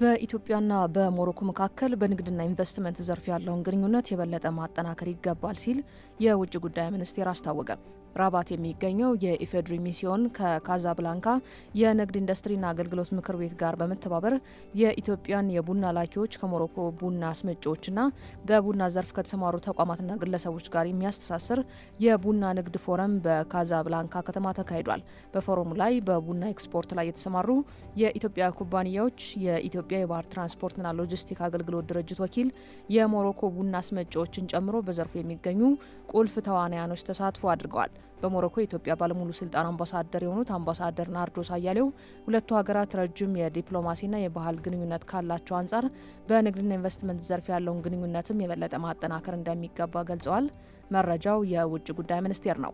በኢትዮጵያና በሞሮኮ መካከል በንግድና ኢንቨስትመንት ዘርፍ ያለውን ግንኙነት የበለጠ ማጠናከር ይገባል ሲል የውጭ ጉዳይ ሚኒስቴር አስታወቀ። ራባት የሚገኘው የኢፌድሪ ሚስዮን ከካዛብላንካ የንግድ ኢንዱስትሪና አገልግሎት ምክር ቤት ጋር በመተባበር የኢትዮጵያን የቡና ላኪዎች ከሞሮኮ ቡና አስመጪዎችና በቡና ዘርፍ ከተሰማሩ ተቋማትና ግለሰቦች ጋር የሚያስተሳስር የቡና ንግድ ፎረም በካዛብላንካ ከተማ ተካሂዷል። በፎረሙ ላይ በቡና ኤክስፖርት ላይ የተሰማሩ የኢትዮጵያ ኩባንያዎች የኢትዮጵያ የኢትዮጵያ የባህር ትራንስፖርትና ሎጂስቲክ አገልግሎት ድርጅት ወኪል የሞሮኮ ቡና አስመጪዎችን ጨምሮ በዘርፉ የሚገኙ ቁልፍ ተዋናያኖች ተሳትፎ አድርገዋል። በሞሮኮ የኢትዮጵያ ባለሙሉ ስልጣን አምባሳደር የሆኑት አምባሳደር ናርዶስ አያሌው ሁለቱ ሀገራት ረጅም የዲፕሎማሲና የባህል ግንኙነት ካላቸው አንጻር በንግድና ኢንቨስትመንት ዘርፍ ያለውን ግንኙነትም የበለጠ ማጠናከር እንደሚገባ ገልጸዋል። መረጃው የውጭ ጉዳይ ሚኒስቴር ነው።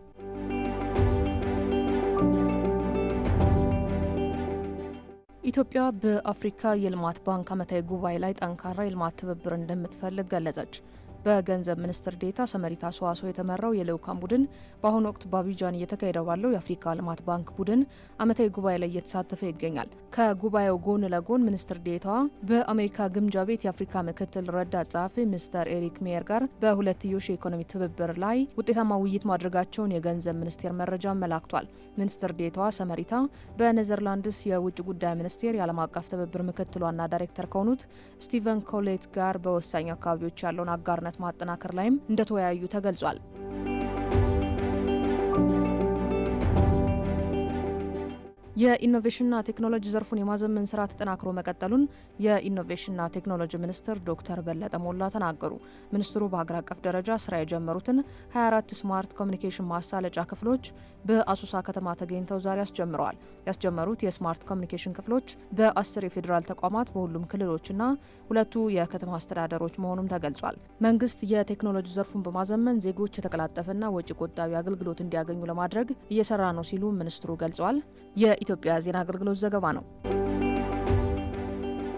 ኢትዮጵያ በአፍሪካ የልማት ባንክ ዓመታዊ ጉባኤ ላይ ጠንካራ የልማት ትብብር እንደምትፈልግ ገለጸች። በገንዘብ ሚኒስትር ዴታ ሰመሪታ ሰዋሰው የተመራው የልዑካን ቡድን በአሁኑ ወቅት በአቢጃን እየተካሄደ ባለው የአፍሪካ ልማት ባንክ ቡድን ዓመታዊ ጉባኤ ላይ እየተሳተፈ ይገኛል። ከጉባኤው ጎን ለጎን ሚኒስትር ዴታዋ በአሜሪካ ግምጃ ቤት የአፍሪካ ምክትል ረዳት ጸሐፊ ሚስተር ኤሪክ ሜየር ጋር በሁለትዮሽ የኢኮኖሚ ትብብር ላይ ውጤታማ ውይይት ማድረጋቸውን የገንዘብ ሚኒስቴር መረጃ መላክቷል። ሚኒስትር ዴታዋ ሰመሪታ በኔዘርላንድስ የውጭ ጉዳይ ሚኒስቴር የዓለም አቀፍ ትብብር ምክትል ዋና ዳይሬክተር ከሆኑት ስቲቨን ኮሌት ጋር በወሳኝ አካባቢዎች ያለውን አጋርነት ግንኙነት ማጠናከር ላይም እንደተወያዩ ተገልጿል። የኢኖቬሽንና ቴክኖሎጂ ዘርፉን የማዘመን ስራ ተጠናክሮ መቀጠሉን የኢኖቬሽንና ቴክኖሎጂ ሚኒስትር ዶክተር በለጠ ሞላ ተናገሩ። ሚኒስትሩ በሀገር አቀፍ ደረጃ ስራ የጀመሩትን 24 ስማርት ኮሚኒኬሽን ማሳለጫ ክፍሎች በአሶሳ ከተማ ተገኝተው ዛሬ አስጀምረዋል። ያስጀመሩት የስማርት ኮሚኒኬሽን ክፍሎች በአስር የፌዴራል ተቋማት በሁሉም ክልሎችና ሁለቱ የከተማ አስተዳደሮች መሆኑም ተገልጿል። መንግስት የቴክኖሎጂ ዘርፉን በማዘመን ዜጎች የተቀላጠፈና ወጪ ቆጣቢ አገልግሎት እንዲያገኙ ለማድረግ እየሰራ ነው ሲሉ ሚኒስትሩ ገልጸዋል። የኢትዮጵያ ዜና አገልግሎት ዘገባ ነው።